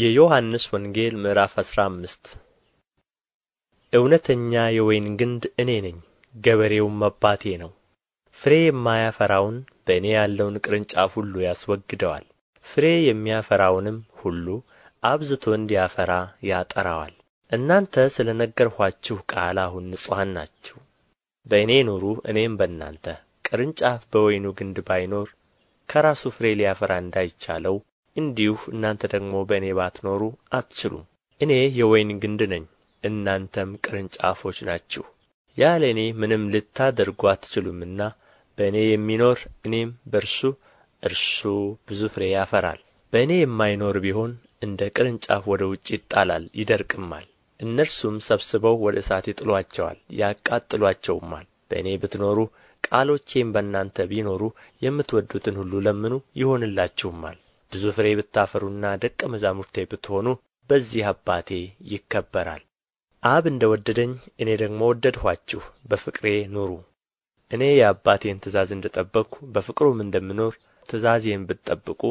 የዮሐንስ ወንጌል ምዕራፍ አስራ አምስት እውነተኛ የወይን ግንድ እኔ ነኝ፣ ገበሬውም አባቴ ነው። ፍሬ የማያፈራውን በእኔ ያለውን ቅርንጫፍ ሁሉ ያስወግደዋል፣ ፍሬ የሚያፈራውንም ሁሉ አብዝቶ እንዲያፈራ ያጠራዋል። እናንተ ስለ ነገርኋችሁ ቃል አሁን ንጹሐን ናችሁ። በእኔ ኑሩ፣ እኔም በእናንተ። ቅርንጫፍ በወይኑ ግንድ ባይኖር ከራሱ ፍሬ ሊያፈራ እንዳይቻለው እንዲሁ እናንተ ደግሞ በእኔ ባትኖሩ አትችሉም። እኔ የወይን ግንድ ነኝ፣ እናንተም ቅርንጫፎች ናችሁ። ያለ እኔ ምንም ልታደርጉ አትችሉምና በእኔ የሚኖር እኔም በእርሱ እርሱ ብዙ ፍሬ ያፈራል። በእኔ የማይኖር ቢሆን እንደ ቅርንጫፍ ወደ ውጭ ይጣላል፣ ይደርቅማል። እነርሱም ሰብስበው ወደ እሳት ይጥሏቸዋል፣ ያቃጥሏቸውማል። በእኔ ብትኖሩ ቃሎቼም በእናንተ ቢኖሩ የምትወዱትን ሁሉ ለምኑ፣ ይሆንላችሁማል። ብዙ ፍሬ ብታፈሩና ደቀ መዛሙርቴ ብትሆኑ በዚህ አባቴ ይከበራል። አብ እንደ ወደደኝ እኔ ደግሞ ወደድኋችሁ፣ በፍቅሬ ኑሩ። እኔ የአባቴን ትእዛዝ እንደ ጠበቅሁ በፍቅሩም እንደምኖር ትእዛዜን ብትጠብቁ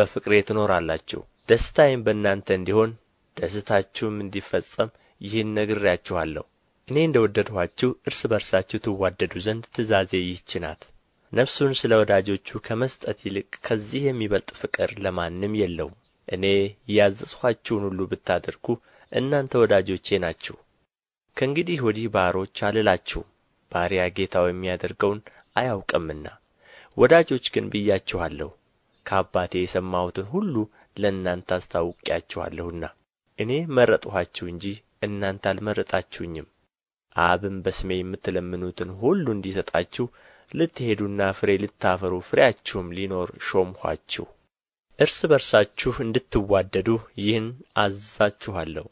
በፍቅሬ ትኖራላችሁ። ደስታዬም በእናንተ እንዲሆን ደስታችሁም እንዲፈጸም ይህን ነግሬያችኋለሁ። እኔ እንደ ወደድኋችሁ እርስ በርሳችሁ ትዋደዱ ዘንድ ትእዛዜ ይህች ናት። ነፍሱን ስለ ወዳጆቹ ከመስጠት ይልቅ ከዚህ የሚበልጥ ፍቅር ለማንም የለውም። እኔ ያዘዝኋችሁን ሁሉ ብታደርጉ እናንተ ወዳጆቼ ናችሁ። ከእንግዲህ ወዲህ ባሮች አልላችሁም፣ ባሪያ ጌታው የሚያደርገውን አያውቅምና። ወዳጆች ግን ብያችኋለሁ፣ ከአባቴ የሰማሁትን ሁሉ ለእናንተ አስታውቂያችኋለሁና። እኔ መረጥኋችሁ እንጂ እናንተ አልመረጣችሁኝም። አብም በስሜ የምትለምኑትን ሁሉ እንዲሰጣችሁ ልትሄዱና ፍሬ ልታፈሩ ፍሬያችሁም ሊኖር ሾምኋችሁ። እርስ በርሳችሁ እንድትዋደዱ ይህን አዛችኋለሁ።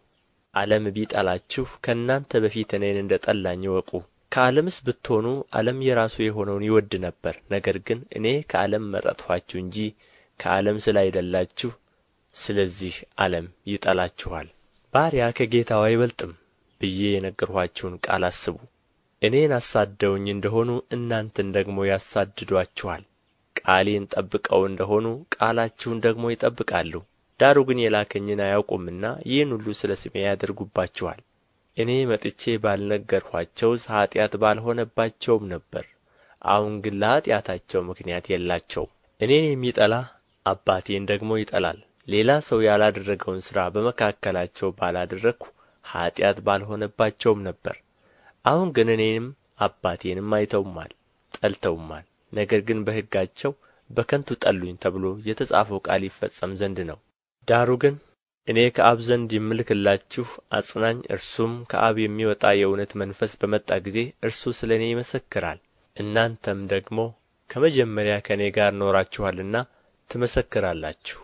ዓለም ቢጠላችሁ ከእናንተ በፊት እኔን እንደ ጠላኝ እወቁ። ከዓለምስ ብትሆኑ ዓለም የራሱ የሆነውን ይወድ ነበር። ነገር ግን እኔ ከዓለም መረጥኋችሁ እንጂ ከዓለም ስላይደላችሁ ስለዚህ ዓለም ይጠላችኋል። ባሪያ ከጌታው አይበልጥም ብዬ የነገርኋችሁን ቃል አስቡ። እኔን አሳደውኝ እንደሆኑ እናንተን ደግሞ ያሳድዷችኋል። ቃሌን ጠብቀው እንደሆኑ ቃላችሁን ደግሞ ይጠብቃሉ። ዳሩ ግን የላከኝን አያውቁምና ይህን ሁሉ ስለ ስሜ ያደርጉባችኋል። እኔ መጥቼ ባልነገርኋቸውስ ኀጢአት ባልሆነባቸውም ነበር። አሁን ግን ለኀጢአታቸው ምክንያት የላቸውም። እኔን የሚጠላ አባቴን ደግሞ ይጠላል። ሌላ ሰው ያላደረገውን ሥራ በመካከላቸው ባላደረግሁ ኀጢአት ባልሆነባቸውም ነበር። አሁን ግን እኔንም አባቴንም አይተውማል ጠልተውማል ነገር ግን በሕጋቸው በከንቱ ጠሉኝ ተብሎ የተጻፈው ቃል ይፈጸም ዘንድ ነው ዳሩ ግን እኔ ከአብ ዘንድ የምልክላችሁ አጽናኝ እርሱም ከአብ የሚወጣ የእውነት መንፈስ በመጣ ጊዜ እርሱ ስለ እኔ ይመሰክራል እናንተም ደግሞ ከመጀመሪያ ከእኔ ጋር ኖራችኋልና ትመሰክራላችሁ